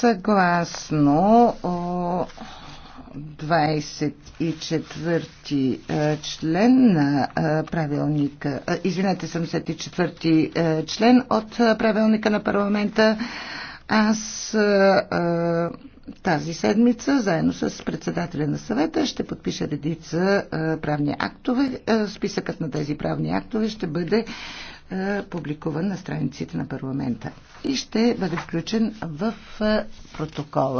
Съгласно 24-ти е, член на е, правилника, е, извинете, 74-ти член от правилника на парламента, аз тази седмица, заедно с председателя на съвета, ще подпиша редица правни актове. Списъкът на тези правни актове ще бъде е, публикуван на страниците на парламента и ще бъде включен в е, протокола.